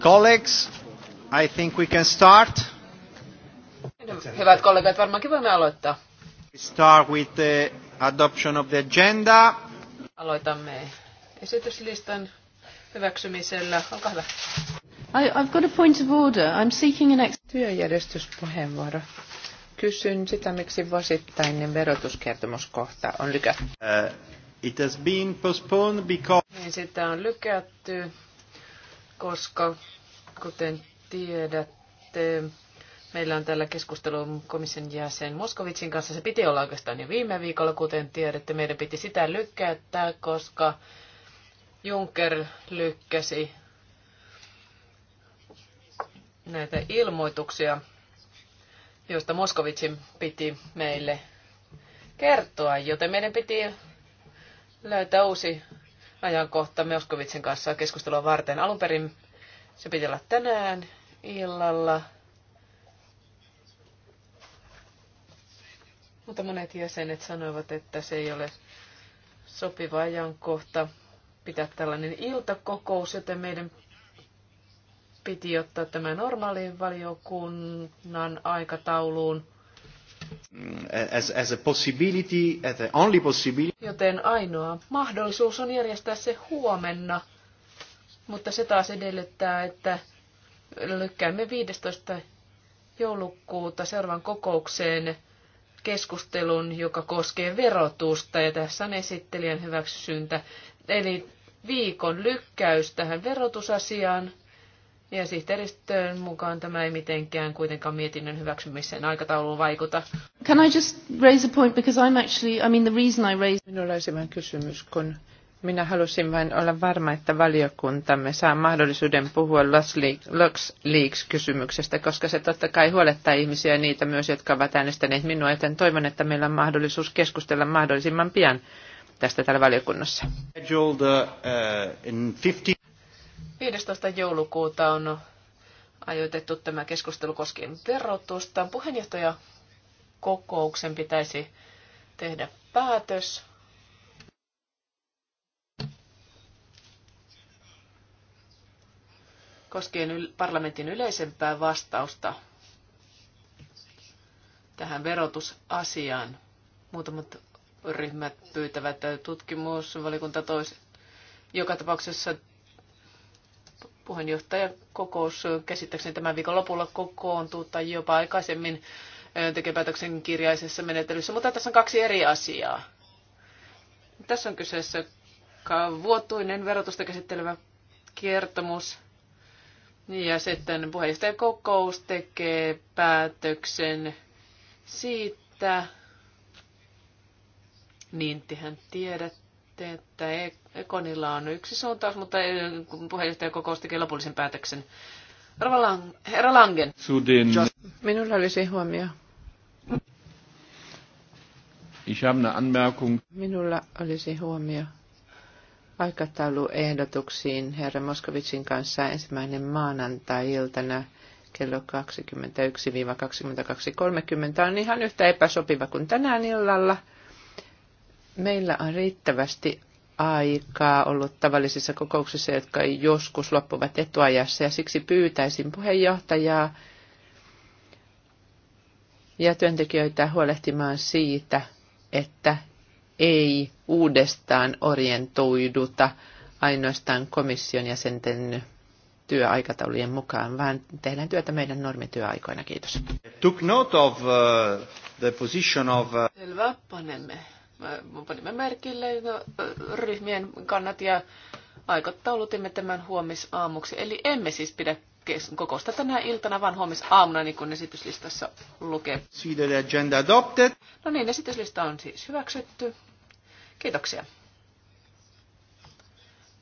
Colleagues, I think we can start. Hyvät kollegat, varmaankin voimme aloittaa. We start with the adoption of the agenda. Aloitamme esityslistan hyväksymisellä. Olkaa hyvä. I, I've got a point of order. I'm seeking an ex- Työjärjestyspuheenvuoro. Kysyn sitä, miksi vuosittainen verotuskertomuskohta on lykätty. Uh, it has been postponed because... Niin sitä on lykätty koska kuten tiedätte, meillä on täällä keskustelu komission jäsen Moskovitsin kanssa. Se piti olla oikeastaan jo viime viikolla, kuten tiedätte. Meidän piti sitä lykkäyttää, koska Juncker lykkäsi näitä ilmoituksia, joista Moskovitsin piti meille kertoa, joten meidän piti löytää uusi ajankohta Moskovitsin kanssa keskustelua varten. Alun perin se piti olla tänään illalla. Mutta monet jäsenet sanoivat, että se ei ole sopiva ajankohta pitää tällainen iltakokous, joten meidän piti ottaa tämä normaaliin valiokunnan aikatauluun. As, as a possibility, the only possibility. Joten ainoa mahdollisuus on järjestää se huomenna, mutta se taas edellyttää, että lykkäämme 15. joulukuuta seuraavan kokoukseen keskustelun, joka koskee verotusta, ja tässä on esittelijän hyväksyntä. Eli viikon lykkäys tähän verotusasiaan. Ja sihteeristön mukaan tämä ei mitenkään kuitenkaan mietinnön hyväksymiseen aikatauluun vaikuta. Can I just raise a point because I'm actually, I mean the reason I raise, Minulla olisi vain kysymys, kun minä halusin vain olla varma, että valiokuntamme saa mahdollisuuden puhua Lux Leaks-kysymyksestä, koska se totta kai huolettaa ihmisiä niitä myös, jotka ovat äänestäneet minua, joten toivon, että meillä on mahdollisuus keskustella mahdollisimman pian tästä täällä valiokunnassa. 15. joulukuuta on ajoitettu tämä keskustelu koskien verotusta. Puheenjohtaja kokouksen pitäisi tehdä päätös. koskien parlamentin yleisempää vastausta tähän verotusasiaan. Muutamat ryhmät pyytävät tutkimusvalikunta toisen. Joka tapauksessa puheenjohtajakokous käsittääkseni tämän viikon lopulla kokoontuu tai jopa aikaisemmin tekee päätöksen kirjaisessa menettelyssä, mutta tässä on kaksi eri asiaa. Tässä on kyseessä vuotuinen verotusta käsittelevä kertomus. Ja sitten puheenjohtajakokous tekee päätöksen siitä, niin tehän tiedätte sitten, että e- Ekonilla on yksi suuntaus, mutta eh, puheenjohtaja kokous teki lopullisen päätöksen. Herra Langen. Sudin. Minulla olisi huomio. Ich habe eine Anmerkung. Minulla olisi huomio aikatauluehdotuksiin herra Moskovitsin kanssa ensimmäinen maanantai-iltana kello 21-22.30 on ihan yhtä epäsopiva kuin tänään illalla – Meillä on riittävästi aikaa ollut tavallisissa kokouksissa, jotka joskus loppuvat etuajassa, ja siksi pyytäisin puheenjohtajaa ja työntekijöitä huolehtimaan siitä, että ei uudestaan orientoiduta ainoastaan komission jäsenten työaikataulujen mukaan, vaan tehdään työtä meidän normityöaikoina. Kiitos. Took note of, uh, the position of, uh... Selvä, panemme Äh, panimme merkille no, äh, ryhmien kannat ja aikataulutimme tämän huomisaamuksi. Eli emme siis pidä kokousta tänä iltana, vaan huomisaamuna, niin kuin esityslistassa lukee. agenda adopted. No niin, esityslista on siis hyväksytty. Kiitoksia.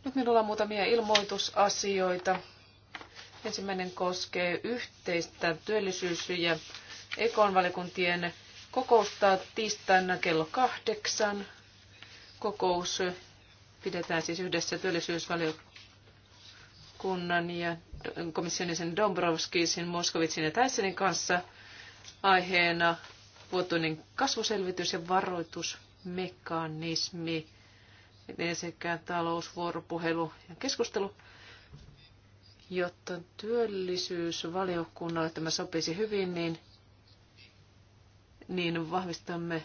Nyt minulla on muutamia ilmoitusasioita. Ensimmäinen koskee yhteistä työllisyys- ja ekonvalikuntien kokoustaa tiistaina kello kahdeksan. Kokous pidetään siis yhdessä työllisyysvaliokunnan ja komission jäsen Dombrovskisin, Moskovitsin ja Tässenin kanssa aiheena vuotuinen kasvuselvitys ja varoitusmekanismi sekä talousvuoropuhelu ja keskustelu, jotta työllisyysvaliokunnalle tämä sopisi hyvin, niin niin vahvistamme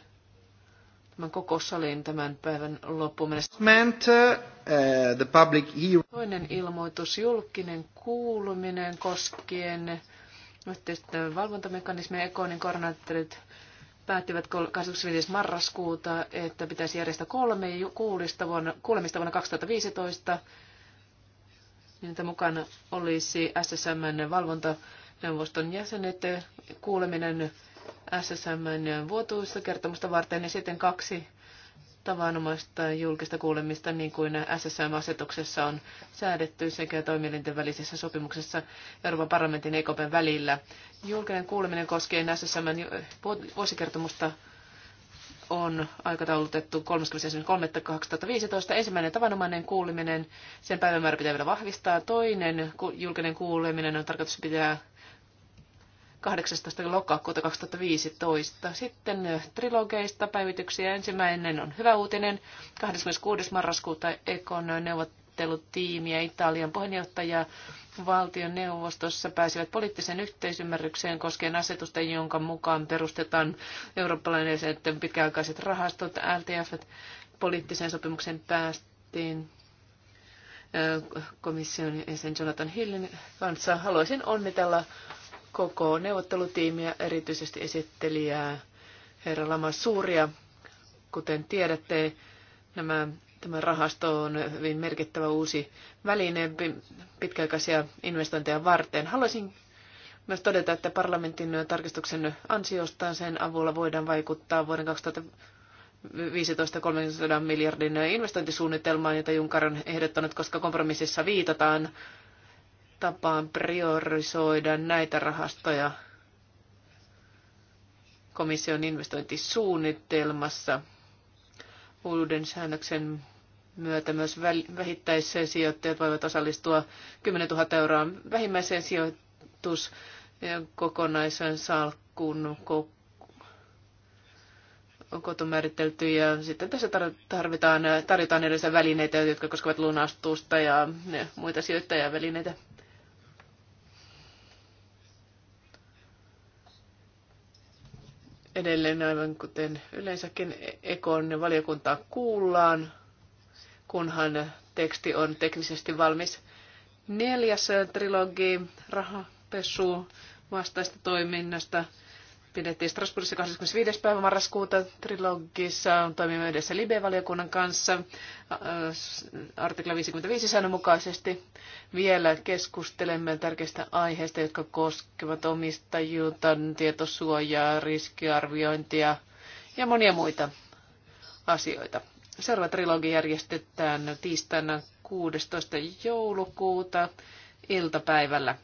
tämän koko salin tämän päivän loppuun mennessä. Eh, Toinen ilmoitus, julkinen kuuluminen koskien yhteisten valvontamekanismeja ekonin koordinaattorit päättivät 25. marraskuuta, että pitäisi järjestää kolme kuulista vuonna, kuulemista vuonna 2015. Niin, että mukana olisi ssm valvontaneuvoston jäsenet, kuuleminen SSMn vuotuista kertomusta varten ja sitten kaksi tavanomaista julkista kuulemista, niin kuin SSM-asetuksessa on säädetty sekä toimielinten välisessä sopimuksessa Euroopan parlamentin ja EKPn välillä. Julkinen kuuleminen koskien SSMn vuosikertomusta on aikataulutettu 31.3.2015. Ensimmäinen tavanomainen kuuleminen, sen päivämäärä pitää vielä vahvistaa. Toinen julkinen kuuleminen on tarkoitus pitää 18. lokakuuta 2015. Sitten äh, trilogeista päivityksiä. Ensimmäinen on hyvä uutinen. 26. marraskuuta Ekon neuvottelutiimi ja Italian puheenjohtaja valtion neuvostossa pääsivät poliittiseen yhteisymmärrykseen koskien asetusta, jonka mukaan perustetaan eurooppalaiset pitkäaikaiset rahastot, LTF, poliittiseen sopimukseen päästiin äh, komission jäsen Jonathan Hillin kanssa. Haluaisin onnitella koko neuvottelutiimiä, erityisesti esittelijää herra Lama Suuria. Kuten tiedätte, nämä, tämä rahasto on hyvin merkittävä uusi väline pitkäaikaisia investointeja varten. Haluaisin myös todeta, että parlamentin tarkistuksen ansiosta sen avulla voidaan vaikuttaa vuoden 2015 300 miljardin investointisuunnitelmaan, jota Junkar on ehdottanut, koska kompromississa viitataan tapaan priorisoida näitä rahastoja komission investointisuunnitelmassa. Uuden säännöksen myötä myös sijoittajat voivat osallistua 10 000 euroa vähimmäiseen sijoitus kokonaisen salkkun koto määritelty ja sitten tässä tarvitaan, tarjotaan erilaisia välineitä, jotka koskevat lunastusta ja muita sijoittajavälineitä. välineitä edelleen aivan kuten yleensäkin Ekon valiokuntaa kuullaan, kunhan teksti on teknisesti valmis. Neljäs trilogi rahapesu vastaista toiminnasta pidettiin Strasbourgissa 25. päivä marraskuuta trilogissa. Toimimme yhdessä Libe-valiokunnan kanssa artikla 55 säännön mukaisesti. Vielä keskustelemme tärkeistä aiheista, jotka koskevat omistajuutta, tietosuojaa, riskiarviointia ja monia muita asioita. Seuraava trilogi järjestetään tiistaina 16. joulukuuta iltapäivällä.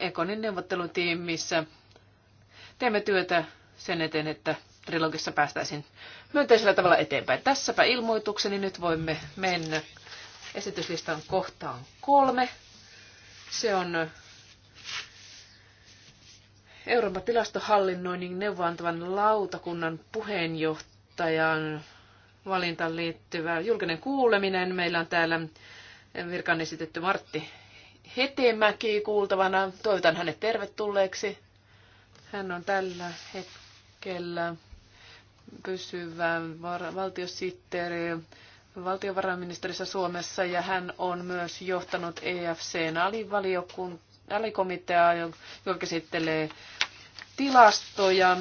Ekonin neuvottelutiimissä teemme työtä sen eteen, että trilogissa päästäisiin myönteisellä tavalla eteenpäin. Tässäpä ilmoitukseni. Nyt voimme mennä esityslistan kohtaan kolme. Se on Euroopan tilastohallinnoinnin neuvontavan lautakunnan puheenjohtajan valintaan liittyvä julkinen kuuleminen. Meillä on täällä virkaan esitetty Martti Hetemäki kuultavana. Toivotan hänet tervetulleeksi. Hän on tällä hetkellä pysyvä valtiosihteeri valtiovarainministerissä Suomessa ja hän on myös johtanut EFCn alikomiteaa, joka käsittelee tilastoja.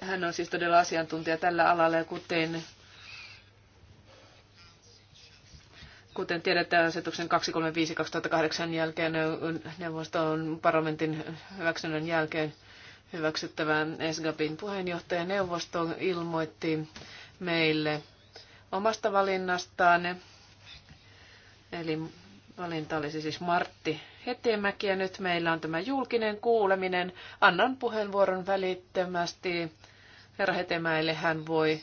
Hän on siis todella asiantuntija tällä alalla ja kuten Kuten tiedetään, asetuksen 235-2008 jälkeen neuvoston parlamentin hyväksynnän jälkeen hyväksyttävä SGAPin puheenjohtaja neuvosto ilmoitti meille omasta valinnastaan. Eli valinta olisi siis Martti Hetemäki ja nyt meillä on tämä julkinen kuuleminen. Annan puheenvuoron välittömästi herra Hetemäelle. Hän voi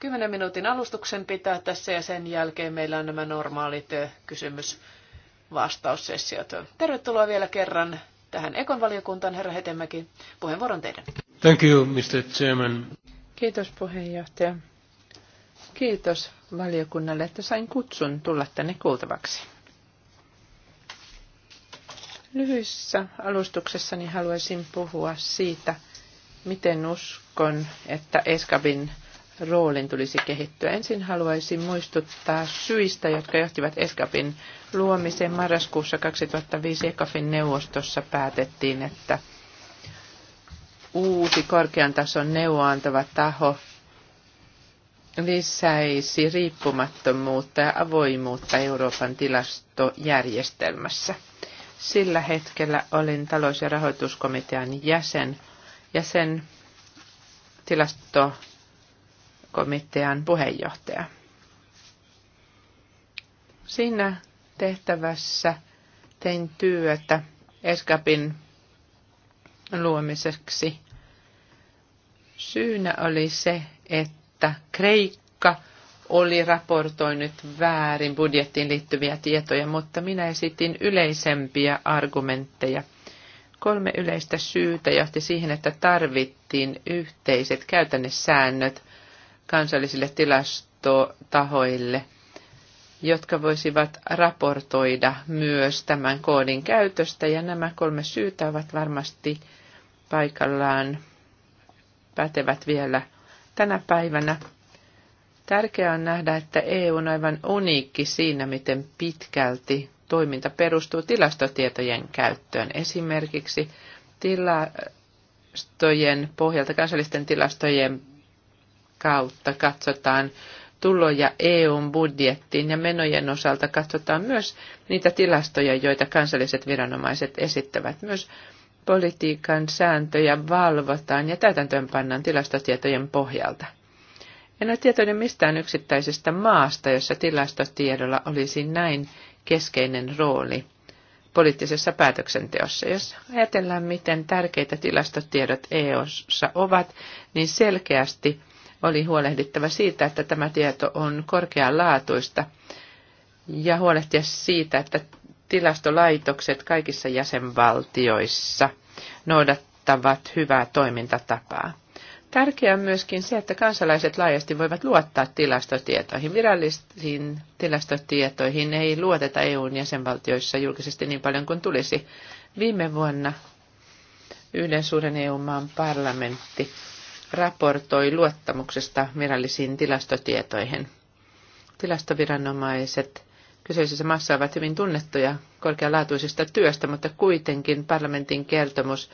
10 minuutin alustuksen pitää tässä ja sen jälkeen meillä on nämä normaalit kysymys-vastaussessiot. Tervetuloa vielä kerran tähän Ekon valiokuntaan, herra Hetemäki. Puheenvuoron teidän. Thank you, Mr. Chairman. Kiitos puheenjohtaja. Kiitos valiokunnalle, että sain kutsun tulla tänne kuultavaksi. Lyhyissä alustuksessani haluaisin puhua siitä, miten uskon, että Eskabin roolin tulisi kehittyä. Ensin haluaisin muistuttaa syistä, jotka johtivat Eskapin luomiseen. Marraskuussa 2005 ECAFin neuvostossa päätettiin, että uusi korkean tason neuvoantava taho lisäisi riippumattomuutta ja avoimuutta Euroopan tilastojärjestelmässä. Sillä hetkellä olin talous- ja rahoituskomitean jäsen, sen tilasto komitean puheenjohtaja. Siinä tehtävässä tein työtä Eskapin luomiseksi. Syynä oli se, että Kreikka oli raportoinut väärin budjettiin liittyviä tietoja, mutta minä esitin yleisempiä argumentteja. Kolme yleistä syytä johti siihen, että tarvittiin yhteiset käytännössäännöt kansallisille tilastotahoille, jotka voisivat raportoida myös tämän koodin käytöstä. Ja nämä kolme syytä ovat varmasti paikallaan pätevät vielä tänä päivänä. Tärkeää on nähdä, että EU on aivan uniikki siinä, miten pitkälti toiminta perustuu tilastotietojen käyttöön. Esimerkiksi tilastojen pohjalta, kansallisten tilastojen kautta katsotaan tuloja EUn budjettiin ja menojen osalta katsotaan myös niitä tilastoja, joita kansalliset viranomaiset esittävät. Myös politiikan sääntöjä valvotaan ja pannaan tilastotietojen pohjalta. En ole tietoinen mistään yksittäisestä maasta, jossa tilastotiedolla olisi näin keskeinen rooli poliittisessa päätöksenteossa. Jos ajatellaan, miten tärkeitä tilastotiedot EU:ssa ovat, niin selkeästi oli huolehdittava siitä, että tämä tieto on korkealaatuista ja huolehtia siitä, että tilastolaitokset kaikissa jäsenvaltioissa noudattavat hyvää toimintatapaa. Tärkeää on myöskin se, että kansalaiset laajasti voivat luottaa tilastotietoihin. Virallisiin tilastotietoihin ei luoteta EUn jäsenvaltioissa julkisesti niin paljon kuin tulisi. Viime vuonna yhden suuren EU-maan parlamentti raportoi luottamuksesta virallisiin tilastotietoihin. Tilastoviranomaiset kyseisessä maassa ovat hyvin tunnettuja korkealaatuisesta työstä, mutta kuitenkin parlamentin kertomus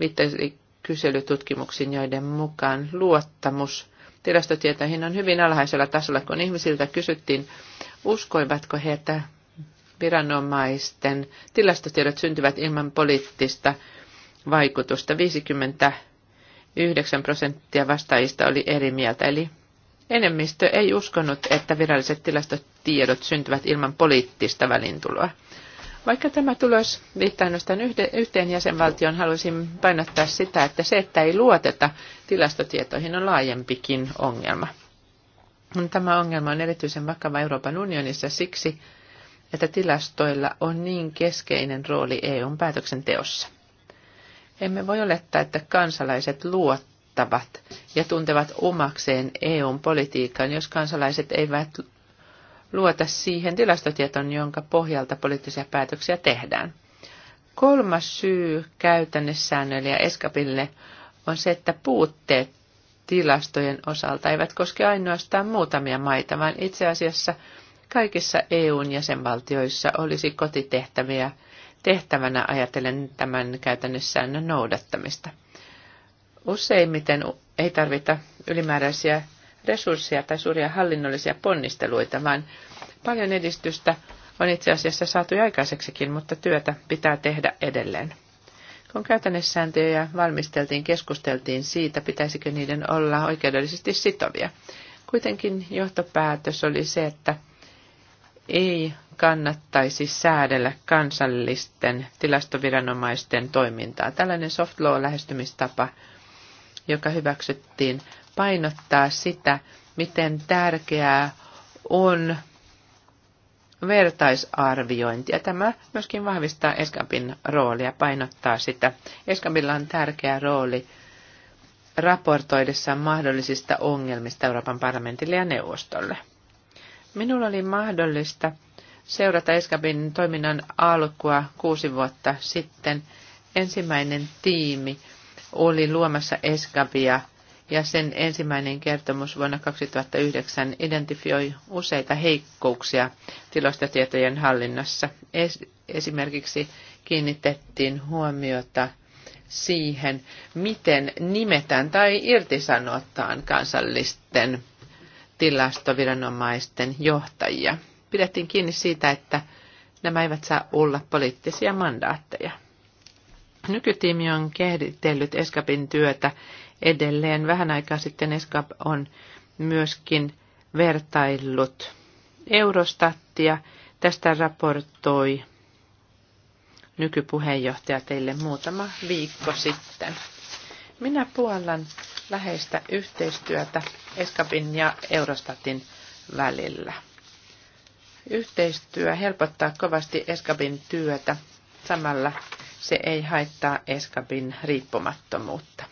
viittasi kyselytutkimuksiin, joiden mukaan luottamus tilastotietoihin on hyvin alhaisella tasolla, kun ihmisiltä kysyttiin, uskoivatko he, että viranomaisten tilastotiedot syntyvät ilman poliittista vaikutusta. 50 9 prosenttia vastaajista oli eri mieltä, eli enemmistö ei uskonut, että viralliset tilastotiedot syntyvät ilman poliittista välintuloa. Vaikka tämä tulos liittää ainoastaan yhteen jäsenvaltioon, haluaisin painottaa sitä, että se, että ei luoteta tilastotietoihin, on laajempikin ongelma. Tämä ongelma on erityisen vakava Euroopan unionissa siksi, että tilastoilla on niin keskeinen rooli EUn päätöksenteossa. Emme voi olettaa, että kansalaiset luottavat ja tuntevat omakseen EUn politiikan, jos kansalaiset eivät luota siihen tilastotietoon, jonka pohjalta poliittisia päätöksiä tehdään. Kolmas syy käytännössäännöille ja eskapille on se, että puutteet tilastojen osalta eivät koske ainoastaan muutamia maita, vaan itse asiassa kaikissa EUn jäsenvaltioissa olisi kotitehtäviä – tehtävänä ajatellen tämän käytännössäännön noudattamista. Useimmiten ei tarvita ylimääräisiä resursseja tai suuria hallinnollisia ponnisteluita, vaan paljon edistystä on itse asiassa saatu aikaiseksikin, mutta työtä pitää tehdä edelleen. Kun käytännössääntöjä valmisteltiin, keskusteltiin siitä, pitäisikö niiden olla oikeudellisesti sitovia. Kuitenkin johtopäätös oli se, että ei kannattaisi säädellä kansallisten tilastoviranomaisten toimintaa. Tällainen soft law-lähestymistapa, joka hyväksyttiin, painottaa sitä, miten tärkeää on vertaisarviointi ja Tämä myöskin vahvistaa Eskapin roolia, painottaa sitä. Eskapilla on tärkeä rooli raportoidessaan mahdollisista ongelmista Euroopan parlamentille ja neuvostolle. Minulla oli mahdollista seurata Eskabin toiminnan alkua kuusi vuotta sitten. Ensimmäinen tiimi oli luomassa Eskabia ja sen ensimmäinen kertomus vuonna 2009 identifioi useita heikkouksia tilastotietojen hallinnassa. esimerkiksi kiinnitettiin huomiota siihen, miten nimetään tai irtisanotaan kansallisten tilastoviranomaisten johtajia pidettiin kiinni siitä, että nämä eivät saa olla poliittisia mandaatteja. Nykytiimi on kehitellyt Eskapin työtä edelleen. Vähän aikaa sitten Eskap on myöskin vertaillut Eurostattia. Tästä raportoi nykypuheenjohtaja teille muutama viikko sitten. Minä puollan läheistä yhteistyötä Eskapin ja Eurostatin välillä. Yhteistyö helpottaa kovasti Eskabin työtä. Samalla se ei haittaa Eskabin riippumattomuutta.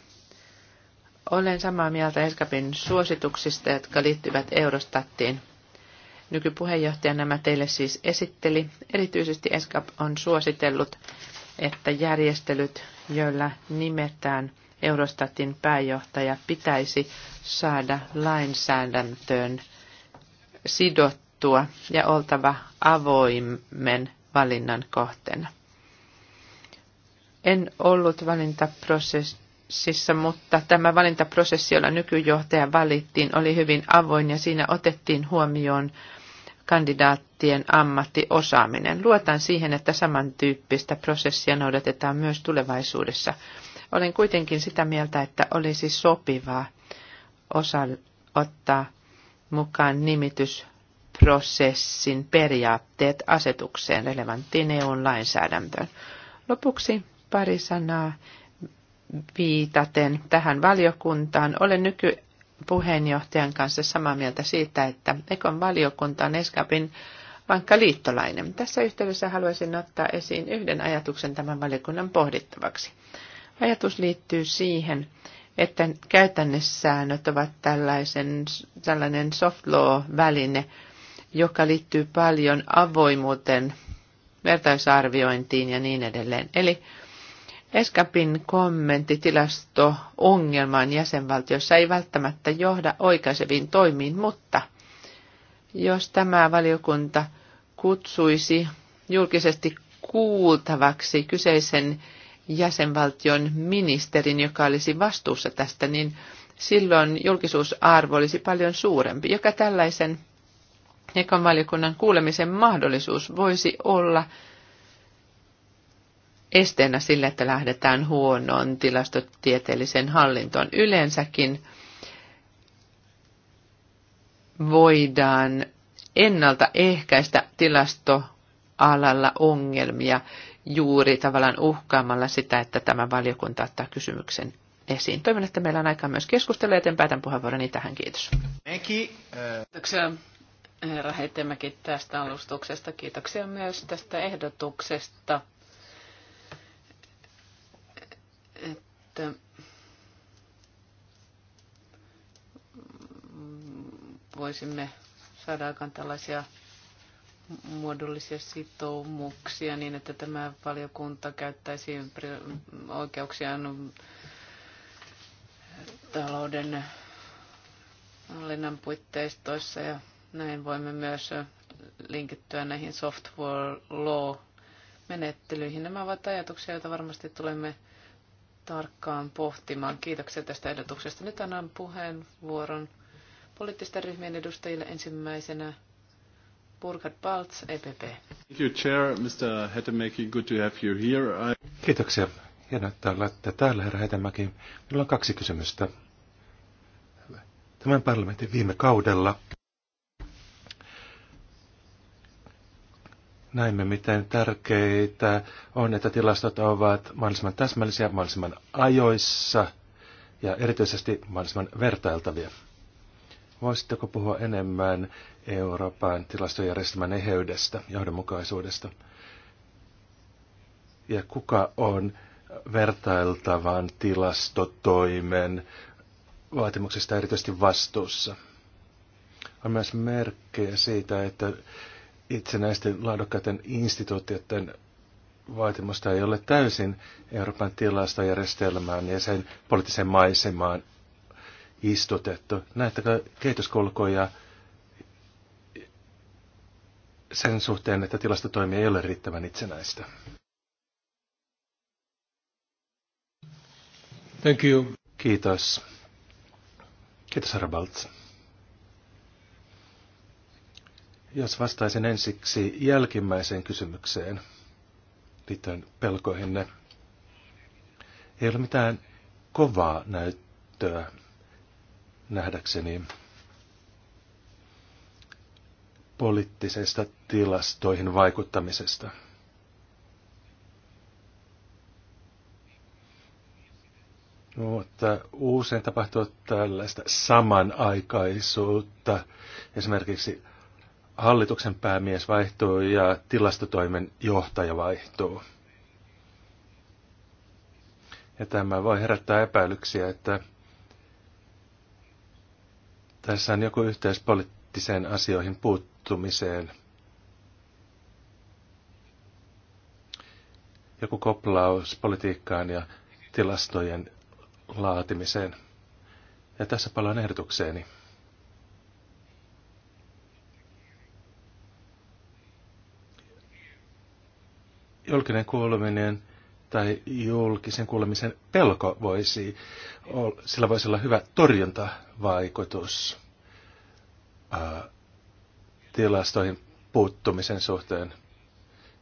Olen samaa mieltä Eskabin suosituksista, jotka liittyvät Eurostattiin. Nykypuheenjohtaja nämä teille siis esitteli. Erityisesti Eskab on suositellut, että järjestelyt, joilla nimetään Eurostatin pääjohtaja, pitäisi saada lainsäädäntöön sidottu muuttua ja oltava avoimen valinnan kohteena. En ollut valintaprosessissa, mutta tämä valintaprosessi, jolla nykyjohtaja valittiin, oli hyvin avoin ja siinä otettiin huomioon kandidaattien ammattiosaaminen. Luotan siihen, että samantyyppistä prosessia noudatetaan myös tulevaisuudessa. Olen kuitenkin sitä mieltä, että olisi sopivaa osa ottaa mukaan nimitys prosessin periaatteet asetukseen relevanttiin EUn lainsäädäntöön. Lopuksi pari sanaa viitaten tähän valiokuntaan. Olen nykypuheenjohtajan kanssa samaa mieltä siitä, että Ekon valiokunta on Eskapin vankka liittolainen. Tässä yhteydessä haluaisin ottaa esiin yhden ajatuksen tämän valiokunnan pohdittavaksi. Ajatus liittyy siihen, että käytännössäännöt ovat tällaisen, tällainen soft law-väline, joka liittyy paljon avoimuuteen, vertaisarviointiin ja niin edelleen. Eli Eskapin kommentitilasto ongelmaan jäsenvaltiossa ei välttämättä johda oikaiseviin toimiin, mutta jos tämä valiokunta kutsuisi julkisesti kuultavaksi kyseisen jäsenvaltion ministerin, joka olisi vastuussa tästä, niin silloin julkisuusarvo olisi paljon suurempi, joka tällaisen ekan valiokunnan kuulemisen mahdollisuus voisi olla esteenä sille, että lähdetään huonoon tilastotieteelliseen hallintoon. Yleensäkin voidaan ennaltaehkäistä tilastoalalla ongelmia juuri tavallaan uhkaamalla sitä, että tämä valiokunta ottaa kysymyksen esiin. Toivon, että meillä on aikaa myös keskustella, joten päätän puheenvuoroni tähän. Kiitos. Uh, Kiitoksia herra Hetemäki tästä alustuksesta. Kiitoksia myös tästä ehdotuksesta, että voisimme saada aikaan tällaisia muodollisia sitoumuksia niin, että tämä valiokunta käyttäisi oikeuksiaan talouden hallinnan puitteistoissa ja näin voimme myös linkittyä näihin software law-menettelyihin. Nämä ovat ajatuksia, joita varmasti tulemme tarkkaan pohtimaan. Kiitoksia tästä ehdotuksesta. Nyt annan puheenvuoron poliittisten ryhmien edustajille ensimmäisenä. Burkhard Baltz, EPP. Thank you, Chair. Mr. Hetemäki, good to have you here. I... Kiitoksia. Hienoa, että olette täällä, herra Hetemäki. Minulla on kaksi kysymystä. Tämän parlamentin viime kaudella näimme, miten tärkeitä on, että tilastot ovat mahdollisimman täsmällisiä, mahdollisimman ajoissa ja erityisesti mahdollisimman vertailtavia. Voisitteko puhua enemmän Euroopan tilastojärjestelmän eheydestä, johdonmukaisuudesta? Ja kuka on vertailtavan tilastotoimen vaatimuksista erityisesti vastuussa? On myös merkkejä siitä, että itsenäisten laadukkaiden instituutioiden vaatimusta ei ole täysin Euroopan tilastojärjestelmään ja sen poliittiseen maisemaan istutettu. Näettekö kehityskulkuja sen suhteen, että tilastotoimia ei ole riittävän itsenäistä? Thank you. Kiitos. Kiitos, herra Jos vastaisin ensiksi jälkimmäiseen kysymykseen liittyen pelkoihinne, ei ole mitään kovaa näyttöä nähdäkseni poliittisesta tilastoihin vaikuttamisesta. Mutta usein tapahtuu tällaista samanaikaisuutta. Esimerkiksi hallituksen päämies vaihtuu ja tilastotoimen johtaja vaihtuu. Ja tämä voi herättää epäilyksiä, että tässä on joku yhteys poliittiseen asioihin puuttumiseen. Joku koplaus politiikkaan ja tilastojen laatimiseen. Ja tässä palaan ehdotukseeni. julkinen kuuleminen tai julkisen kuulemisen pelko voisi, sillä voisi olla hyvä torjuntavaikutus tilastoihin puuttumisen suhteen.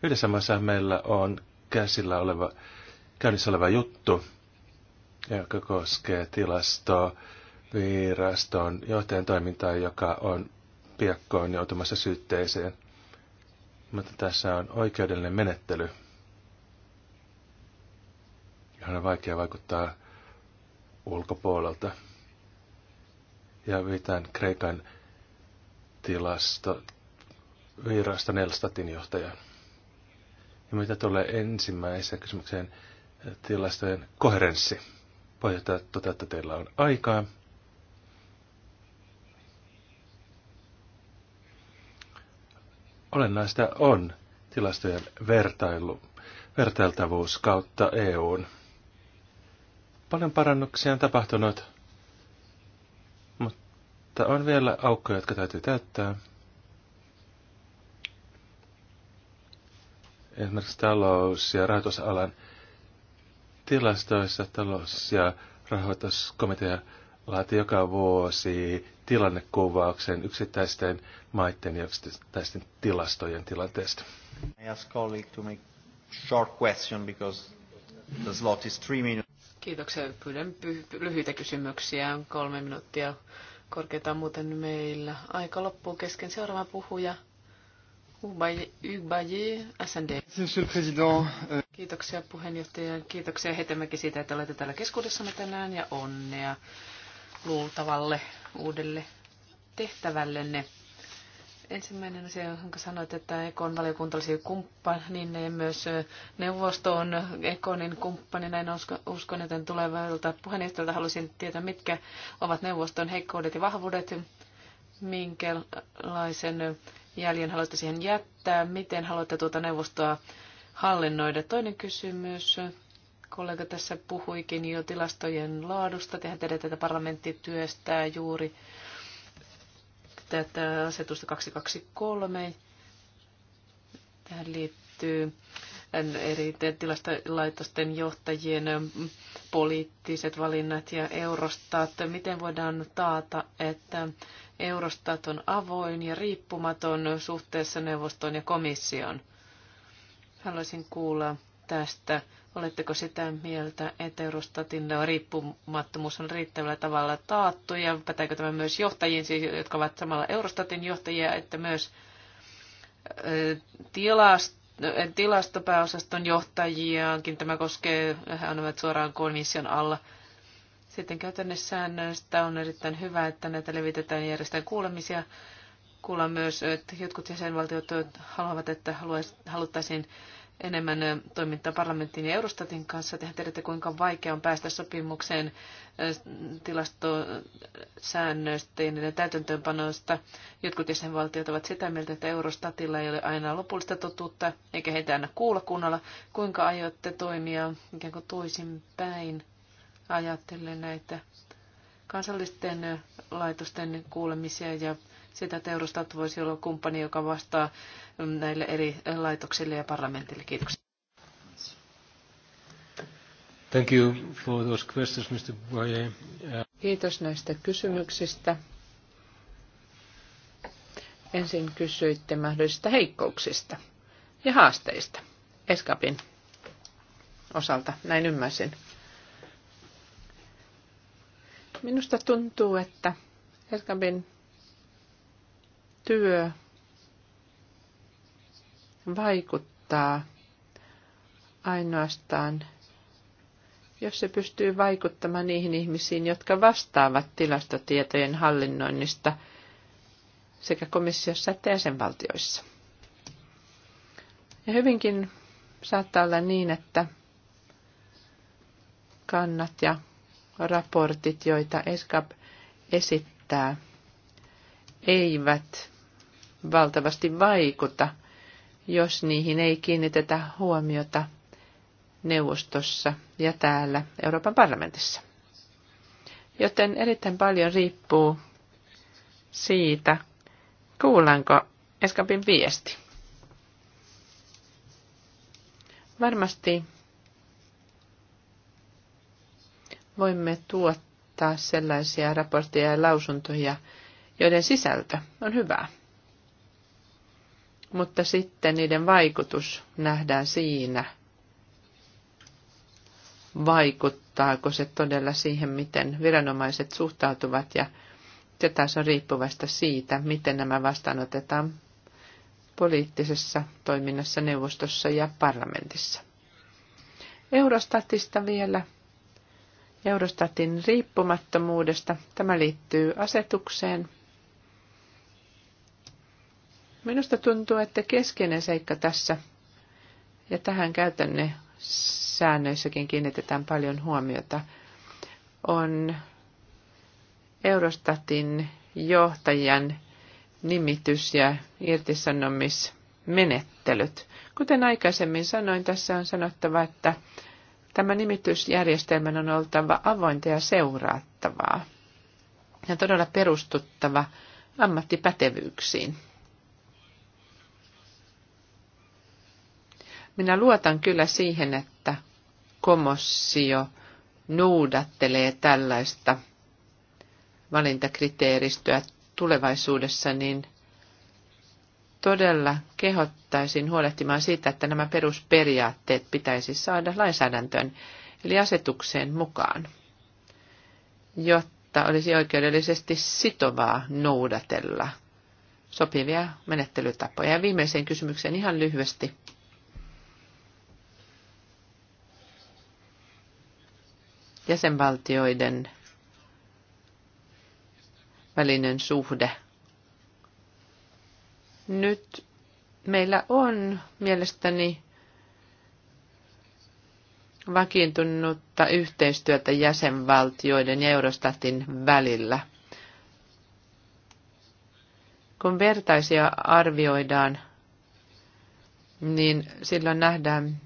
Yhdessä maassa meillä on käsillä oleva, käynnissä oleva juttu, joka koskee tilastoa viraston johtajan toimintaa, joka on piakkoon joutumassa syytteeseen – mutta tässä on oikeudellinen menettely, johon on vaikea vaikuttaa ulkopuolelta. Ja viitään Kreikan tilasto virasta Nelstatin johtajan. Ja mitä tulee ensimmäiseen kysymykseen, tilastojen koherenssi. Pohjoittaa toteutta teillä on aikaa. Olennaista on tilastojen vertailu, vertailtavuus kautta EUn. Paljon parannuksia on tapahtunut, mutta on vielä aukkoja, jotka täytyy täyttää. Esimerkiksi talous- ja rahoitusalan tilastoissa talous- ja rahoituskomitea laati joka vuosi tilannekuvauksen yksittäisten maiden ja yksittäisten tilastojen tilanteesta. short question because the slot is three minutes. Kiitoksia. Pyydän lyhyitä kysymyksiä. Kolme minuuttia korkeintaan muuten meillä. Aika loppuu kesken. Seuraava puhuja. SND. Euh, Kiitoksia puheenjohtaja. Kiitoksia Hetemäki siitä, että olette täällä keskuudessamme tänään ja onnea luultavalle uudelle tehtävällenne. Ensimmäinen asia, jonka sanoit, että Ekon valiokunta olisi kumppani, niin myös neuvosto on Ekonin kumppani, näin uskon, että tulevalta puheenjohtajalta haluaisin tietää, mitkä ovat neuvoston heikkoudet ja vahvuudet, minkälaisen jäljen haluatte siihen jättää, miten haluatte tuota neuvostoa hallinnoida. Toinen kysymys Kollega tässä puhuikin jo tilastojen laadusta. Tehän tiedät, että parlamentti työstää juuri tätä asetusta 223. Tähän liittyy eri tilastolaitosten johtajien poliittiset valinnat ja Eurostat. Miten voidaan taata, että Eurostat on avoin ja riippumaton suhteessa neuvostoon ja komissioon? Haluaisin kuulla tästä Oletteko sitä mieltä, että Eurostatin riippumattomuus on riittävällä tavalla taattu ja pätääkö tämä myös johtajiin, siis, jotka ovat samalla Eurostatin johtajia, että myös tilastopääosaston johtajiaankin tämä koskee, hän ovat suoraan komission alla. Sitten käytännössäännöistä on erittäin hyvä, että näitä levitetään ja järjestetään kuulemisia. Kuullaan myös, että jotkut jäsenvaltiot haluavat, että haluaisi, haluttaisiin enemmän toimintaa parlamenttiin ja Eurostatin kanssa. Tehän tiedätte, kuinka vaikea on päästä sopimukseen tilastosäännöistä ja niiden täytäntöönpanoista. Jotkut jäsenvaltiot ovat sitä mieltä, että Eurostatilla ei ole aina lopullista totuutta, eikä heitä aina kuulla kunnolla. Kuinka aiotte toimia ikään kuin toisinpäin ajattelen näitä kansallisten laitosten kuulemisia ja sitä, että Eurostat voisi olla kumppani, joka vastaa näille eri laitoksille ja parlamentille. Kiitoksia. Thank you for those questions, Mr. Boyer. Kiitos näistä kysymyksistä. Ensin kysyitte mahdollisista heikkouksista ja haasteista Eskapin osalta, näin ymmärsin. Minusta tuntuu, että Eskapin työ vaikuttaa ainoastaan, jos se pystyy vaikuttamaan niihin ihmisiin, jotka vastaavat tilastotietojen hallinnoinnista sekä komissiossa että jäsenvaltioissa. Ja hyvinkin saattaa olla niin, että kannat ja raportit, joita ESCAP esittää, eivät valtavasti vaikuta, jos niihin ei kiinnitetä huomiota neuvostossa ja täällä Euroopan parlamentissa. Joten erittäin paljon riippuu siitä, kuullaanko Eskapin viesti. Varmasti voimme tuottaa sellaisia raportteja ja lausuntoja, joiden sisältö on hyvää mutta sitten niiden vaikutus nähdään siinä, vaikuttaako se todella siihen, miten viranomaiset suhtautuvat ja se taas on riippuvasta siitä, miten nämä vastaanotetaan poliittisessa toiminnassa neuvostossa ja parlamentissa. Eurostatista vielä. Eurostatin riippumattomuudesta. Tämä liittyy asetukseen Minusta tuntuu, että keskeinen seikka tässä, ja tähän käytänne säännöissäkin kiinnitetään paljon huomiota, on Eurostatin johtajan nimitys- ja irtisanomismenettelyt. Kuten aikaisemmin sanoin, tässä on sanottava, että tämä nimitysjärjestelmän on oltava avointa ja seuraattavaa ja todella perustuttava ammattipätevyyksiin. Minä luotan kyllä siihen, että komissio noudattelee tällaista valintakriteeristöä tulevaisuudessa, niin todella kehottaisin huolehtimaan siitä, että nämä perusperiaatteet pitäisi saada lainsäädäntöön, eli asetukseen mukaan, jotta olisi oikeudellisesti sitovaa noudatella sopivia menettelytapoja. Ja viimeiseen kysymykseen ihan lyhyesti. jäsenvaltioiden välinen suhde. Nyt meillä on mielestäni vakiintunutta yhteistyötä jäsenvaltioiden ja Eurostatin välillä. Kun vertaisia arvioidaan, niin silloin nähdään,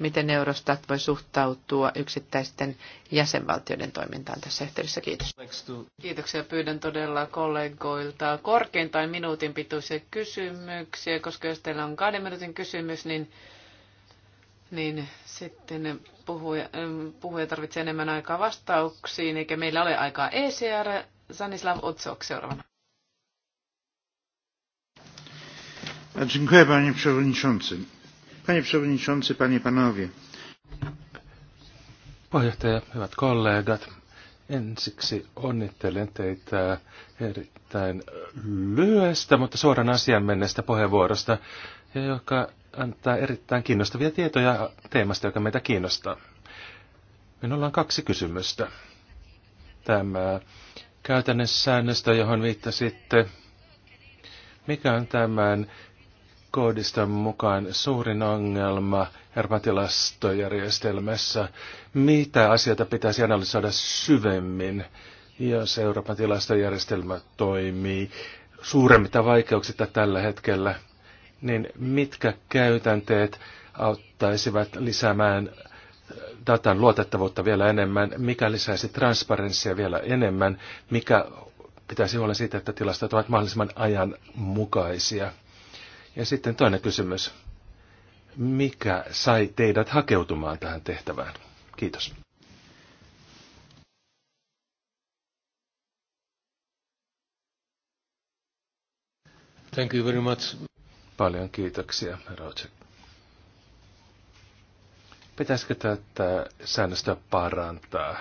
miten Eurostat voi suhtautua yksittäisten jäsenvaltioiden toimintaan tässä yhteydessä. Kiitos. Kiitoksia. Pyydän todella kollegoilta korkeintaan minuutin pituisia kysymyksiä, koska jos teillä on kahden minuutin kysymys, niin, niin sitten puhuja, ähm, puhuja tarvitsee enemmän aikaa vastauksiin, eikä meillä ole aikaa ECR. Sanislav Otsok seuraavana. Dziękuję panie przewodniczący. Panie przewodniczący, panie panowie. Puheenjohtaja, hyvät kollegat. Ensiksi onnittelen teitä erittäin lyhyestä, mutta suoran asian mennestä puheenvuorosta, joka antaa erittäin kiinnostavia tietoja teemasta, joka meitä kiinnostaa. Minulla on kaksi kysymystä. Tämä käytännön säännöstö, johon viittasitte, mikä on tämän Koodista mukaan suurin ongelma hermatilastojärjestelmässä. Mitä asioita pitäisi analysoida syvemmin, jos Euroopan tilastojärjestelmä toimii suuremmita vaikeuksista tällä hetkellä? Niin mitkä käytänteet auttaisivat lisäämään datan luotettavuutta vielä enemmän, mikä lisäisi transparenssia vielä enemmän, mikä pitäisi olla siitä, että tilastot ovat mahdollisimman ajanmukaisia. Ja sitten toinen kysymys. Mikä sai teidät hakeutumaan tähän tehtävään? Kiitos. Thank you very much. Paljon kiitoksia, Roger. Pitäisikö tätä säännöstä parantaa?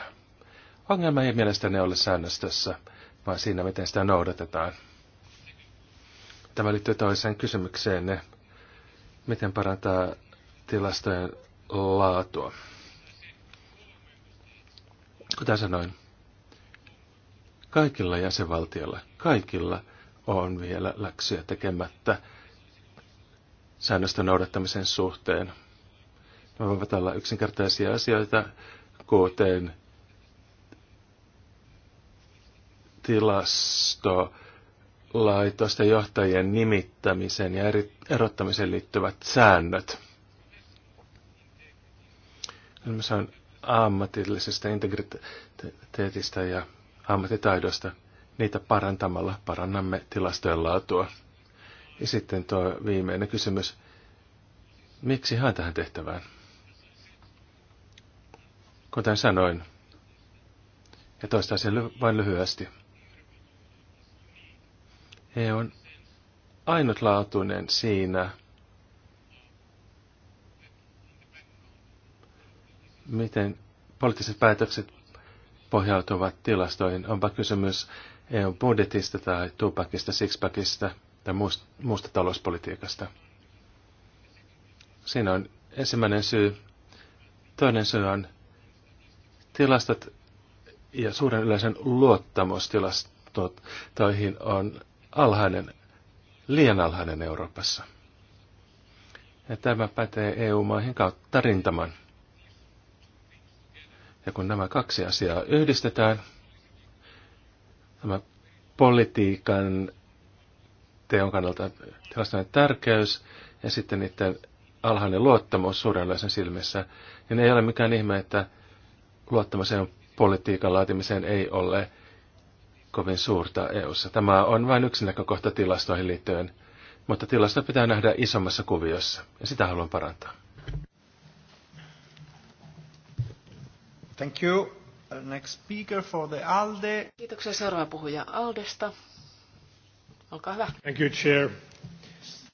Ongelma ei mielestäni ole säännöstössä, vaan siinä, miten sitä noudatetaan – Tämä liittyy toiseen kysymykseenne. Miten parantaa tilastojen laatua? Kuten sanoin, kaikilla jäsenvaltioilla, kaikilla on vielä läksyjä tekemättä säännösten noudattamisen suhteen. Ne voivat olla yksinkertaisia asioita, kuten tilasto, laitosten johtajien nimittämisen ja eri, erottamiseen liittyvät säännöt. Se on ammatillisesta integriteetistä ja ammattitaidosta. Niitä parantamalla parannamme tilastojen laatua. Ja sitten tuo viimeinen kysymys. Miksi hän tähän tehtävään? Kuten sanoin, ja toistaisin vain lyhyesti – he on ainutlaatuinen siinä, miten poliittiset päätökset pohjautuvat tilastoihin. Onpa kysymys EUn budjetista tai tupakista, sixpackista tai muusta, muusta talouspolitiikasta. Siinä on ensimmäinen syy. Toinen syy on tilastot ja suuren yleisen luottamustilastot tilastoihin on alhainen, liian alhainen Euroopassa. Ja tämä pätee EU-maihin kautta rintaman. Ja kun nämä kaksi asiaa yhdistetään, tämä politiikan teon kannalta tilastojen tärkeys ja sitten niiden alhainen luottamus suurenlaisen silmissä, niin ei ole mikään ihme, että luottamus e politiikan laatimiseen ei ole kovin suurta EU:ssa. Tämä on vain yksi näkökohta tilastoihin liittyen, mutta tilasto pitää nähdä isommassa kuviossa, ja sitä haluan parantaa. Thank you. Next speaker for the ALDE. Kiitoksia seuraava puhuja ALDEsta. Olkaa hyvä. Thank you, Chair.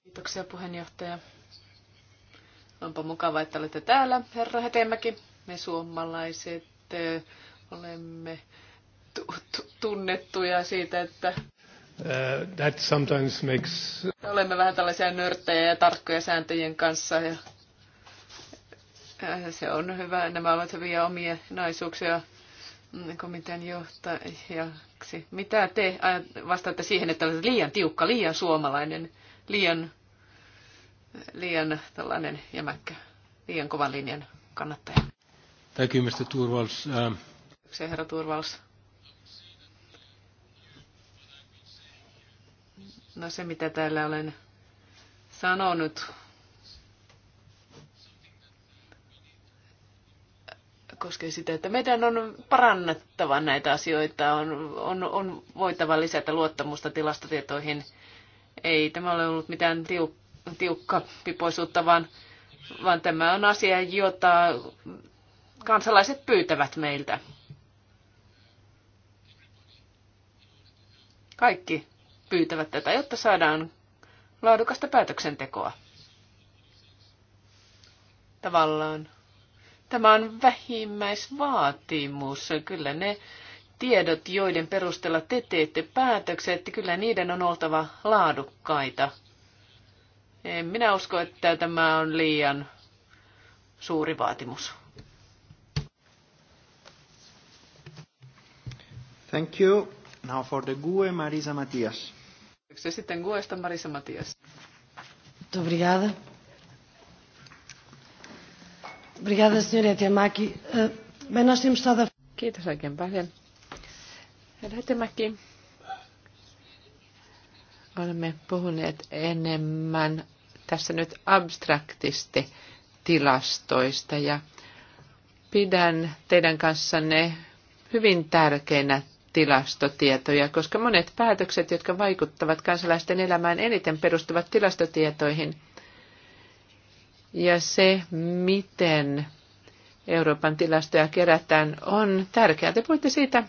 Kiitoksia puheenjohtaja. Onpa mukava, että olette täällä, herra Hetemäki. Me suomalaiset eh, olemme tunnettuja siitä, että uh, that sometimes makes... olemme vähän tällaisia nörttejä ja tarkkoja sääntöjen kanssa. Ja, ja se on hyvä. Nämä ovat hyviä omia naisuuksia mm, komitean johtajaksi. Mitä te vastaatte siihen, että olet liian tiukka, liian suomalainen, liian, liian tällainen jämäkkä, liian kovan linjan kannattaja? Tämä kymmenestä turvallisuus. Äh... Um... herra turvallisuus. No se, mitä täällä olen sanonut, koskee sitä, että meidän on parannettava näitä asioita, on, on, on voitava lisätä luottamusta tilastotietoihin. Ei tämä ole ollut mitään tiuk, tiukka pipoisuutta, vaan, vaan tämä on asia, jota kansalaiset pyytävät meiltä. Kaikki pyytävät tätä, jotta saadaan laadukasta päätöksentekoa. Tavallaan tämä on vähimmäisvaatimus. Kyllä ne tiedot, joiden perusteella te teette päätökset, että kyllä niiden on oltava laadukkaita. En minä usko, että tämä on liian suuri vaatimus. Thank you. Now for the GUE, Marisa Matias. Yksi sitten GUEsta Marisa Matias. Obrigada. Obrigada, senhora Temaki. Bem, eh, nós temos estado a... Kiitos oikein paljon. Herra Etiamaki. olemme puhuneet enemmän tässä nyt abstraktisti tilastoista ja pidän teidän kanssanne hyvin tärkeinä tilastotietoja, koska monet päätökset, jotka vaikuttavat kansalaisten elämään eniten, perustuvat tilastotietoihin. Ja se, miten Euroopan tilastoja kerätään, on tärkeää. Te puhutte siitä,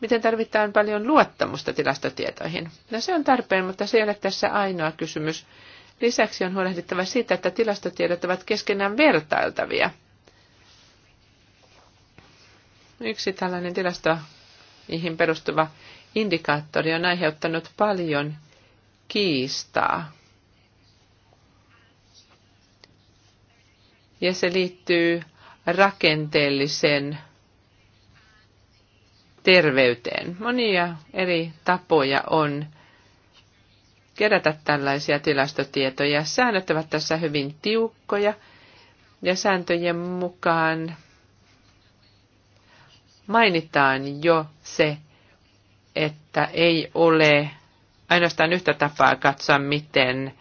miten tarvitaan paljon luottamusta tilastotietoihin. No se on tarpeen, mutta se ei ole tässä ainoa kysymys. Lisäksi on huolehdittava siitä, että tilastotiedot ovat keskenään vertailtavia. Yksi tällainen tilasto niihin perustuva indikaattori on aiheuttanut paljon kiistaa. Ja se liittyy rakenteellisen terveyteen. Monia eri tapoja on kerätä tällaisia tilastotietoja. Säännöt ovat tässä hyvin tiukkoja ja sääntöjen mukaan mainitaan jo se, että ei ole ainoastaan yhtä tapaa katsoa, miten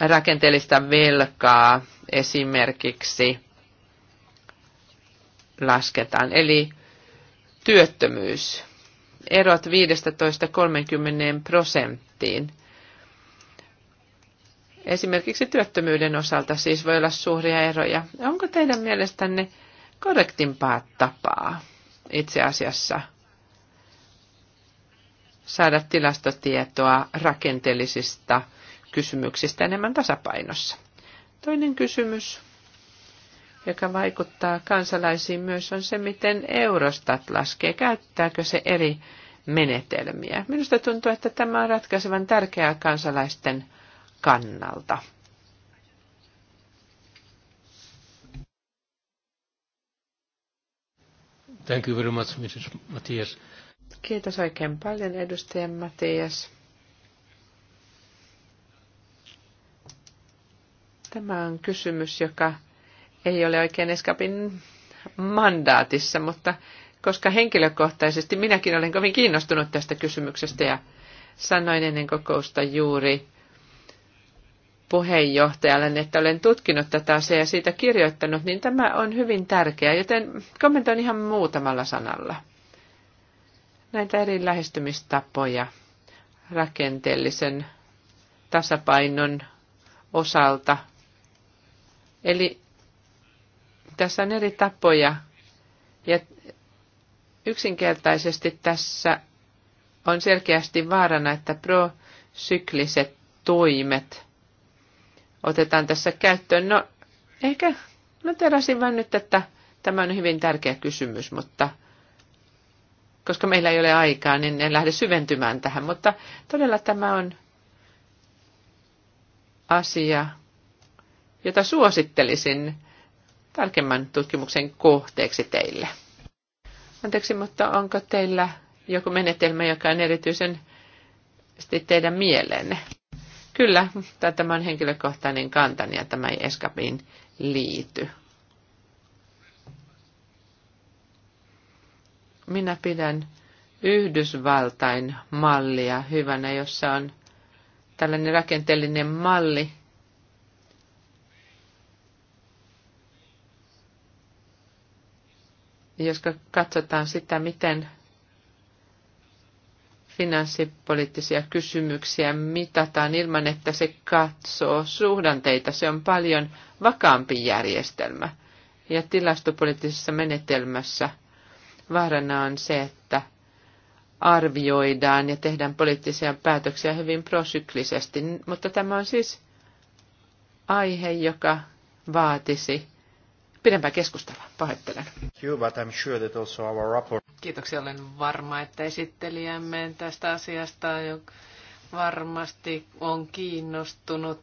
rakenteellista velkaa esimerkiksi lasketaan. Eli työttömyys. Erot 15-30 prosenttiin. Esimerkiksi työttömyyden osalta siis voi olla suuria eroja. Onko teidän mielestänne korrektimpaa tapaa itse asiassa saada tilastotietoa rakenteellisista kysymyksistä enemmän tasapainossa. Toinen kysymys, joka vaikuttaa kansalaisiin myös, on se, miten Eurostat laskee, käyttääkö se eri menetelmiä. Minusta tuntuu, että tämä on ratkaisevan tärkeää kansalaisten kannalta. Thank you very much, Mrs. Kiitos oikein paljon, edustaja Tämä on kysymys, joka ei ole oikein Eskapin mandaatissa, mutta koska henkilökohtaisesti minäkin olen kovin kiinnostunut tästä kysymyksestä ja sanoin ennen kokousta juuri puheenjohtajalle, niin että olen tutkinut tätä asiaa ja siitä kirjoittanut, niin tämä on hyvin tärkeää, joten kommentoin ihan muutamalla sanalla. Näitä eri lähestymistapoja rakenteellisen tasapainon osalta. Eli tässä on eri tapoja ja yksinkertaisesti tässä on selkeästi vaarana, että prosykliset toimet – otetaan tässä käyttöön. No, ehkä mä teräsin vain nyt, että tämä on hyvin tärkeä kysymys, mutta koska meillä ei ole aikaa, niin en lähde syventymään tähän, mutta todella tämä on asia, jota suosittelisin tarkemman tutkimuksen kohteeksi teille. Anteeksi, mutta onko teillä joku menetelmä, joka on erityisen teidän mieleenne? Kyllä, tämä on henkilökohtainen kantani ja tämä ei Eskapin liity. Minä pidän Yhdysvaltain mallia hyvänä, jossa on tällainen rakenteellinen malli, jos katsotaan sitä, miten finanssipoliittisia kysymyksiä mitataan ilman, että se katsoo suhdanteita. Se on paljon vakaampi järjestelmä. Ja tilastopoliittisessa menetelmässä vaarana on se, että arvioidaan ja tehdään poliittisia päätöksiä hyvin prosyklisesti. Mutta tämä on siis aihe, joka vaatisi pidempää keskustelua. Pahoittelen. Kiitoksia. Olen varma, että esittelijämme tästä asiasta varmasti on kiinnostunut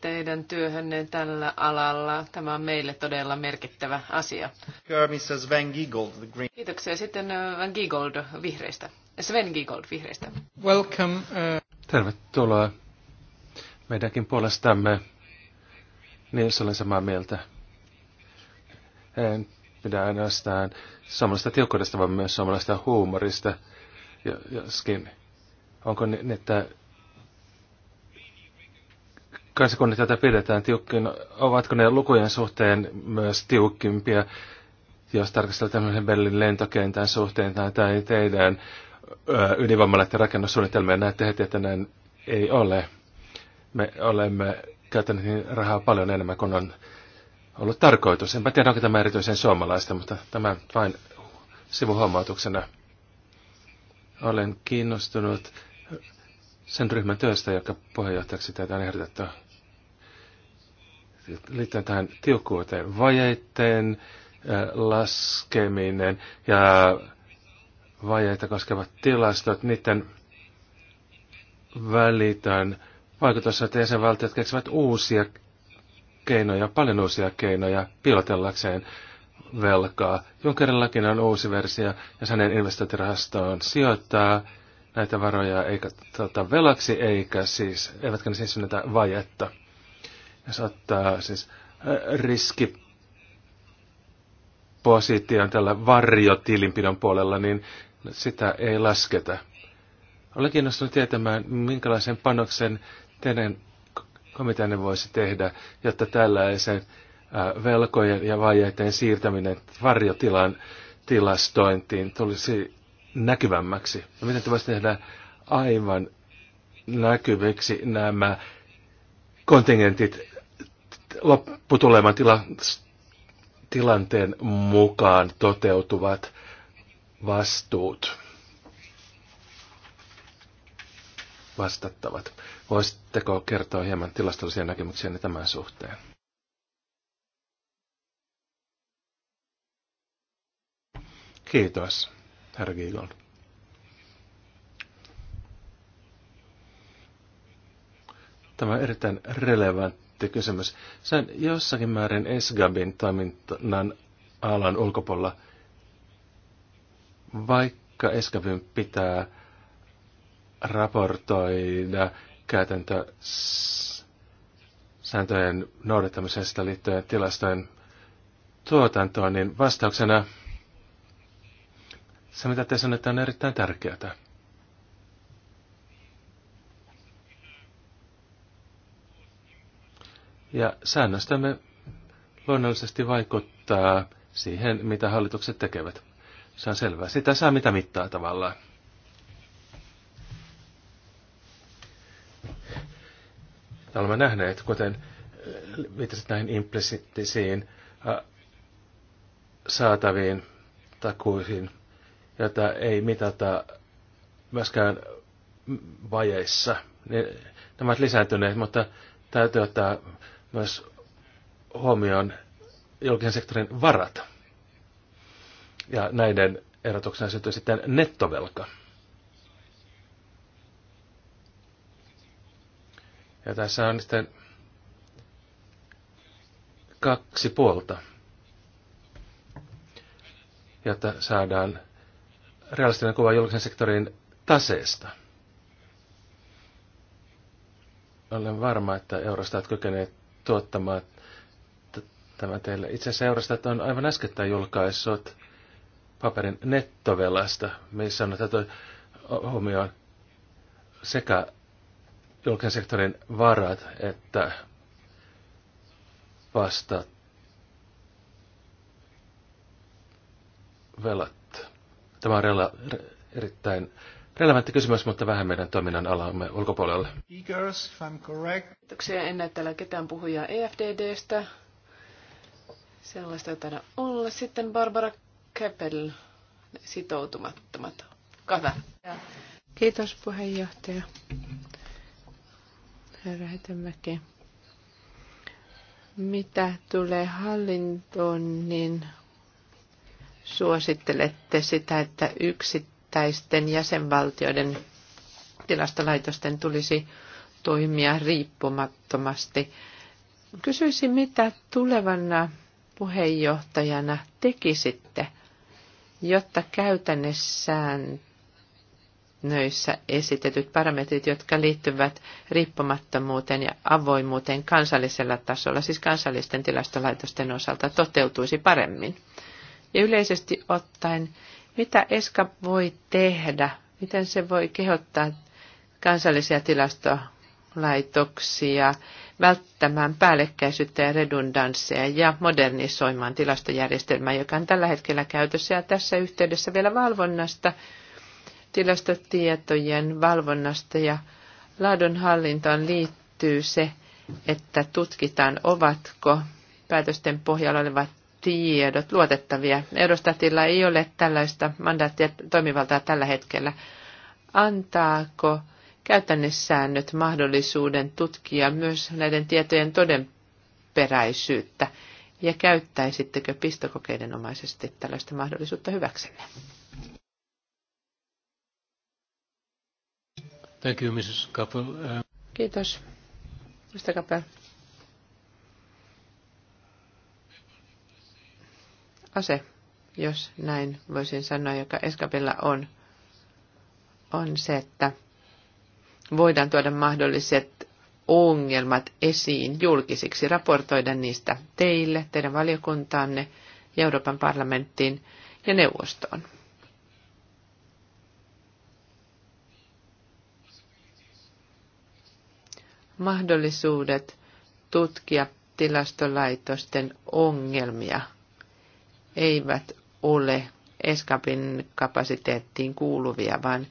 teidän työhönne tällä alalla. Tämä on meille todella merkittävä asia. Kiitoksia. Sitten äh, Van Giegold vihreistä. Sven Giegold vihreistä. Welcome. Uh... Tervetuloa meidänkin puolestamme. Niin, olen samaa mieltä. En pidä ainoastaan suomalaisesta tiukkuudesta, vaan myös suomalaisesta huumorista. Ja, joskin, onko niin, että kansakunnat, joita pidetään tiukkin, ovatko ne lukujen suhteen myös tiukkimpia, jos tarkastellaan tämmöisen Bellin lentokentän suhteen tai, tai teidän ydinvoimalaiden rakennussuunnitelmia, näette heti, että näin ei ole. Me olemme käyttäneet rahaa paljon enemmän kuin on ollut tarkoitus. Enpä tiedä, onko tämä erityisen suomalaista, mutta tämä vain sivuhuomautuksena. Olen kiinnostunut sen ryhmän työstä, joka puheenjohtajaksi tätä on ehdotettu liittyen tähän tiukkuuteen, vajeiden laskeminen ja vajeita koskevat tilastot, niiden välitön vaikutus, että jäsenvaltiot keksivät uusia keinoja, paljon uusia keinoja piilotellakseen velkaa. Junckerillakin on uusi versio, ja hänen investointirahastoon sijoittaa näitä varoja eikä tota, velaksi, eikä siis, eivätkä ne siis näitä vajetta. se ottaa siis äh, riskiposition tällä varjotilinpidon puolella, niin sitä ei lasketa. Olen kiinnostunut tietämään, minkälaisen panoksen teidän komitea ne voisi tehdä, jotta tällaisen velkojen ja vajeiden siirtäminen varjotilan tilastointiin tulisi näkyvämmäksi? Ja no, miten te voisi tehdä aivan näkyviksi nämä kontingentit lopputuleman tila, tilanteen mukaan toteutuvat vastuut? vastattavat. Voisitteko kertoa hieman tilastollisia näkemyksiä tämän suhteen? Kiitos, herra Giegel. Tämä on erittäin relevantti kysymys. Sen jossakin määrin Esgabin toiminnan alan ulkopuolella, vaikka Esgabin pitää raportoida käytäntö sääntöjen noudattamisesta liittyen tilastojen tuotantoon, niin vastauksena se, mitä te sanotte, on erittäin tärkeää. Ja säännöstämme luonnollisesti vaikuttaa siihen, mitä hallitukset tekevät. Se on selvää. Sitä saa mitä mittaa tavallaan. olemme nähneet, kuten viittasit näihin implisiittisiin äh, saataviin takuisiin, joita ei mitata myöskään vajeissa. Nämä ovat lisääntyneet, mutta täytyy ottaa myös huomioon julkisen sektorin varat. Ja näiden erotuksena syntyy sitten nettovelka. Ja tässä on sitten kaksi puolta, jotta saadaan realistinen kuva julkisen sektorin taseesta. Olen varma, että Eurostat kykenee tuottamaan tämä teille. Itse asiassa Eurostat on aivan äskettäin julkaissut paperin nettovelasta, missä on otettu huomioon sekä julkisen sektorin varat, että vasta velat. Tämä on rela- erittäin relevantti kysymys, mutta vähän meidän toiminnan alamme ulkopuolelle. Eagers, if I'm correct. Kiitoksia. En näe täällä ketään puhujaa EFDDstä. Sellaista ei taida olla. Sitten Barbara Keppel, sitoutumattomat. Kata. Kiitos puheenjohtaja herra Hetemäki. Mitä tulee hallintoon, niin suosittelette sitä, että yksittäisten jäsenvaltioiden tilastolaitosten tulisi toimia riippumattomasti. Kysyisin, mitä tulevana puheenjohtajana tekisitte, jotta käytännössään nöissä esitetyt parametrit, jotka liittyvät riippumattomuuteen ja avoimuuteen kansallisella tasolla, siis kansallisten tilastolaitosten osalta, toteutuisi paremmin. Ja yleisesti ottaen, mitä ESKA voi tehdä, miten se voi kehottaa kansallisia tilastolaitoksia välttämään päällekkäisyyttä ja redundansseja ja modernisoimaan tilastojärjestelmää, joka on tällä hetkellä käytössä ja tässä yhteydessä vielä valvonnasta – tilastotietojen valvonnasta ja laadunhallintaan liittyy se, että tutkitaan, ovatko päätösten pohjalla olevat tiedot luotettavia. Eurostatilla ei ole tällaista mandaattia toimivaltaa tällä hetkellä. Antaako käytännössäännöt mahdollisuuden tutkia myös näiden tietojen todenperäisyyttä ja käyttäisittekö pistokokeidenomaisesti tällaista mahdollisuutta hyväksenne? Thank you, Mrs. Kappel. Kiitos, Mr. Kappel. Ase, jos näin voisin sanoa, joka Eskapilla on, on se, että voidaan tuoda mahdolliset ongelmat esiin julkisiksi, raportoida niistä teille, teidän valiokuntaanne ja Euroopan parlamenttiin ja neuvostoon. mahdollisuudet tutkia tilastolaitosten ongelmia eivät ole ESCAPin kapasiteettiin kuuluvia, vaan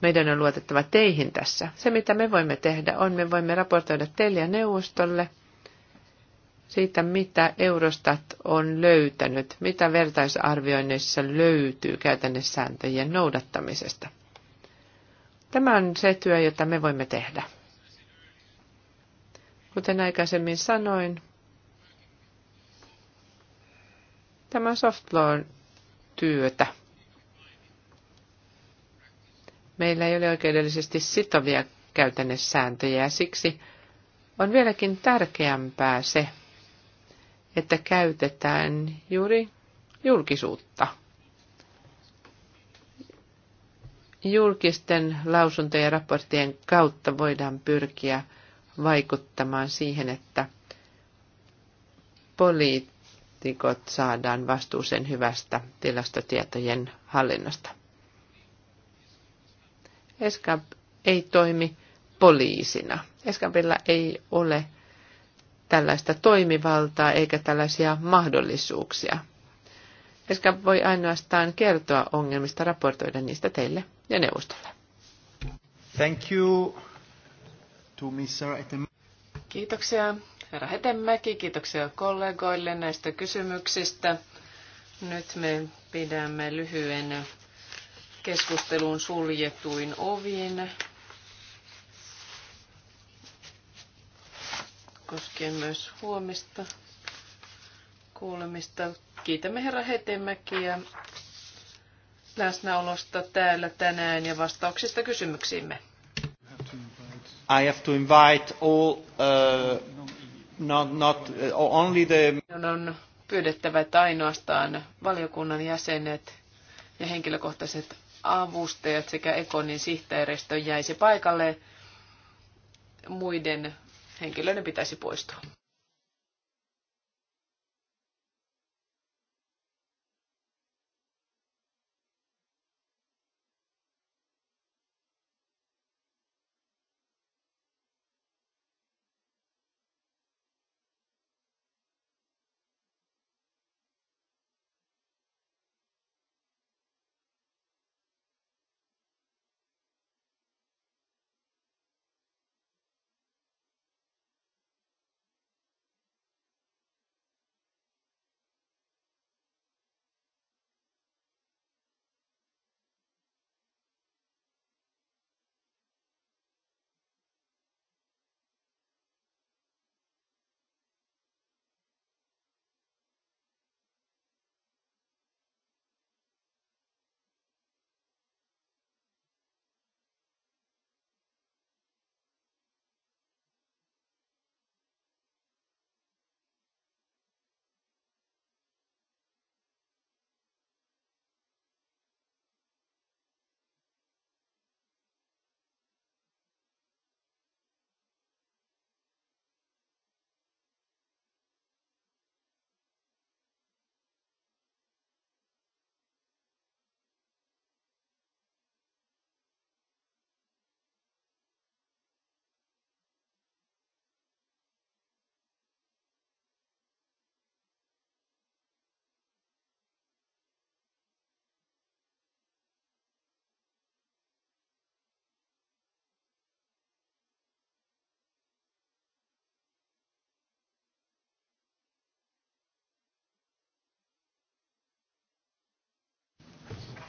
meidän on luotettava teihin tässä. Se, mitä me voimme tehdä, on me voimme raportoida teille ja neuvostolle siitä, mitä Eurostat on löytänyt, mitä vertaisarvioinnissa löytyy käytännössääntöjen noudattamisesta. Tämä on se työ, jota me voimme tehdä. Kuten aikaisemmin sanoin, tämä softloan työtä. Meillä ei ole oikeudellisesti sitovia käytännössääntöjä ja siksi on vieläkin tärkeämpää se, että käytetään juuri julkisuutta. Julkisten lausuntojen ja raporttien kautta voidaan pyrkiä – vaikuttamaan siihen, että poliitikot saadaan vastuuseen hyvästä tilastotietojen hallinnasta. Eskab ei toimi poliisina. Eskabilla ei ole tällaista toimivaltaa eikä tällaisia mahdollisuuksia. Eskä voi ainoastaan kertoa ongelmista, raportoida niistä teille ja neuvostolle. Thank you to Kiitoksia herra Hetemäki, kiitoksia kollegoille näistä kysymyksistä. Nyt me pidämme lyhyen keskustelun suljetuin ovin. Koskien myös huomista kuulemista. Kiitämme herra Hetemäkiä läsnäolosta täällä tänään ja vastauksista kysymyksiimme. I have to invite all, uh, not, not uh, only the... On pyydettävä, että ainoastaan valiokunnan jäsenet ja henkilökohtaiset avustajat sekä Ekonin sihteeristö jäisi paikalle. Muiden henkilöiden pitäisi poistua.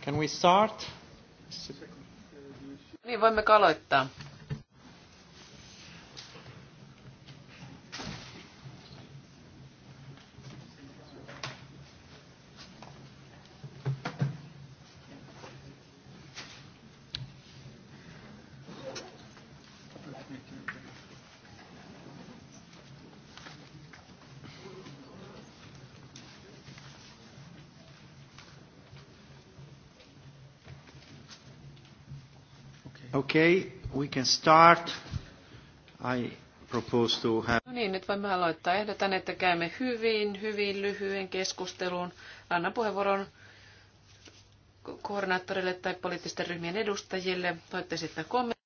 Can we start? Niin, voimme aloittaa. Okay, we can start. I propose to have... No niin, nyt voimme aloittaa. Ehdotan, että käymme hyvin, hyvin lyhyen keskustelun. Anna puheenvuoron koordinaattorille tai poliittisten ryhmien edustajille. Voitte sitten kommentoida